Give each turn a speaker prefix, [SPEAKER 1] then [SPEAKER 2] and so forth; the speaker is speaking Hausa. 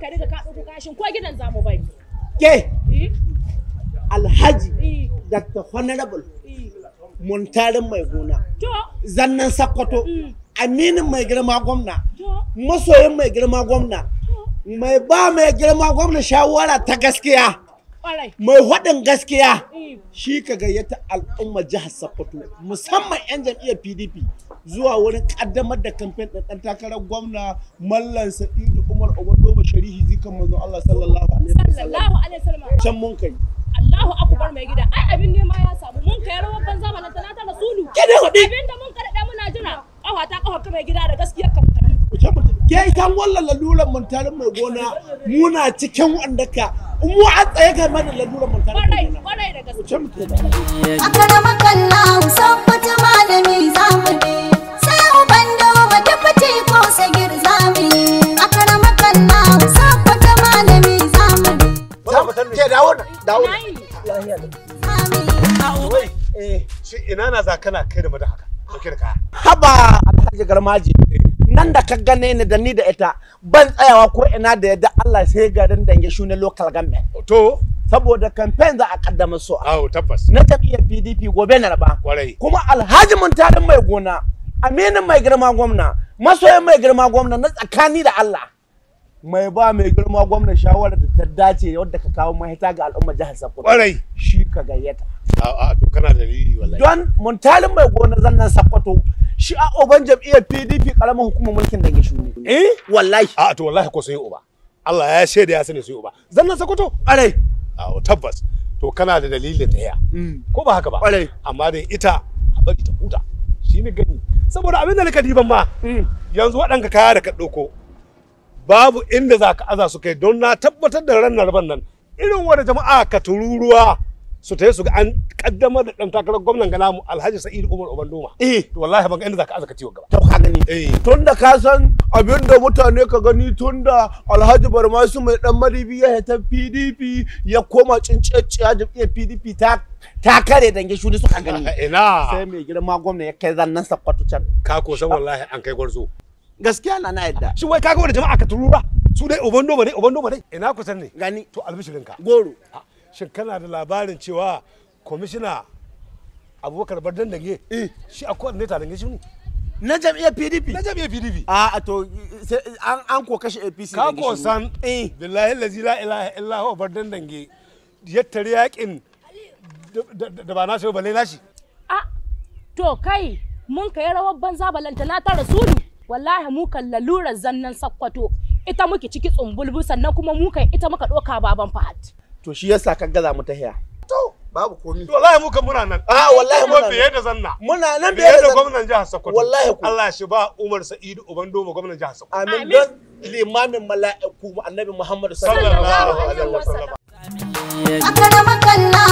[SPEAKER 1] ka riga ka ɗauko kashin ko gidan za mu bari.
[SPEAKER 2] Ke eh. Alhaji eh. Dr. Honorable Muntarin mai gona. Zannan Sakkwato. Mm. Aminin mai girma gwamna. Masoyin mai girma gwamna. Mai ba mai girma gwamna shawara ta gaskiya. mai waɗin gaskiya eh. shi ka gayyata al'ummar jihar Sokoto musamman 'yan jam'iyyar PDP zuwa wurin ƙaddamar da kamfen da ɗan takarar gwamna Mallan Sa'idu Umar Ogundoba Sharihi zikan manzo Allah sallallahu alaihi wasallam can mun kai
[SPEAKER 1] Allahu akbar mai gida ai abin ne ma ya samu mun kai rawar ban zamanin ta ta rasulu kene hudi abin da mun karɗa muna jira kafa ta kafa mai gida da gaskiyar ka
[SPEAKER 2] ke kan wallan laluran mun tarin mai gona muna cikin wanda ka mu an tsaye kai mana lalurar mun kana kwarai da gaske aka da makalla san
[SPEAKER 1] fata malami zamu ne sai wata fice ko sagir zamu ne aka da makalla san fata malami zamu ne ke
[SPEAKER 2] dawo dawo ina na zakana kai da haka haba alhaji garmaji nan da ka ne ni da ni da ita ban tsayawa ko ina da yadda Allah sai garin da dange shune local government to saboda campaign za a kaddama su a tabbas na jam'iyyar PDP gobe na raba kuma Alhaji Muntarin mai gona Aminu mai girma gwamna masoyin mai girma gwamna na tsakani da Allah mai ba mai girma gwamna shawarar da ta dace wadda ka kawo mahita ga al'ummar jihar Sokoto. Kwarai. Shi ka gayyata. a to kana dalili wallahi. Don muntalin mai gona zannan Sokoto shi a oban jam'iyyar PDP karamar hukumar mulkin dange ne. eh wallahi a to wallahi ko sai uba Allah ya shaida ya sani sai uba zanna sakoto arai a tabbas to kana da dalili da ya mm. ko ba haka ba arai amma dai ita a bari ta huta shi ne gani saboda abin da naka diban ba. Mm. yanzu waɗanka kaya da ka ɗauko babu inda za ka aza su kai don na tabbatar da ran nan irin wanda jama'a ka tururuwa su ta su ga an kaddamar da dan takarar gwamnan gana mu alhaji sa'id umar obandoma eh to wallahi baka inda zaka azaka ciwo gaba to ka gani eh tunda ka san abinda mutane ka gani tunda alhaji barmasu mai dan madibi ya ta pdp ya koma cincecciya jam'iyyar pdp ta ta kare dange shuni suka gani ina sai mai girma gwamna ya kai zannan sakwato can ka ko san wallahi an kai gwarzo gaskiya na na yadda shi wai kaga wanda jama'a ka turura su dai Obando dai Obando dai ina kusan ne gani to albishirinka goro ah. shin kana da labarin cewa kwamishina abubakar bardan dange eh. shi a ta dange shi ne na jam'iyyar pdp na jam'iyyar pdp a to an ko kashe apc ka ko san eh. billahi lazi la ilaha illa huwa bardan dange tare yakin da ba nasu ba nashi
[SPEAKER 1] a to kai mun kai rawar banza balanta na ta rasulu wallahi mu kan lalurar zannan sakkwato ita muke ciki tsumbulbu sannan kuma mu kai ita muka doka baban fahad
[SPEAKER 2] to shi yasa ka gaza mu ta hiya to babu komi to wallahi mu kan muna nan ah wallahi muna biye da zanna
[SPEAKER 1] muna nan biye da gwamnatin
[SPEAKER 2] jihar Sokoto wallahi ku Allah shi ba Umar Sa'idu Ubandoma gwamnatin jihar Sokoto amin don limamin mala'iku annabi Muhammad sallallahu alaihi wasallam
[SPEAKER 1] akramakallah